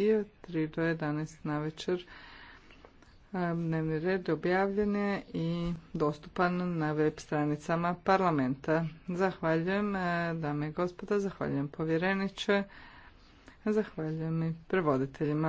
i od 3 do 11 na večer. Dnevni red objavljen je i dostupan na web stranicama parlamenta. Zahvaljujem, dame i gospoda, zahvaljujem povjereniče, zahvaljujem i prevoditeljima.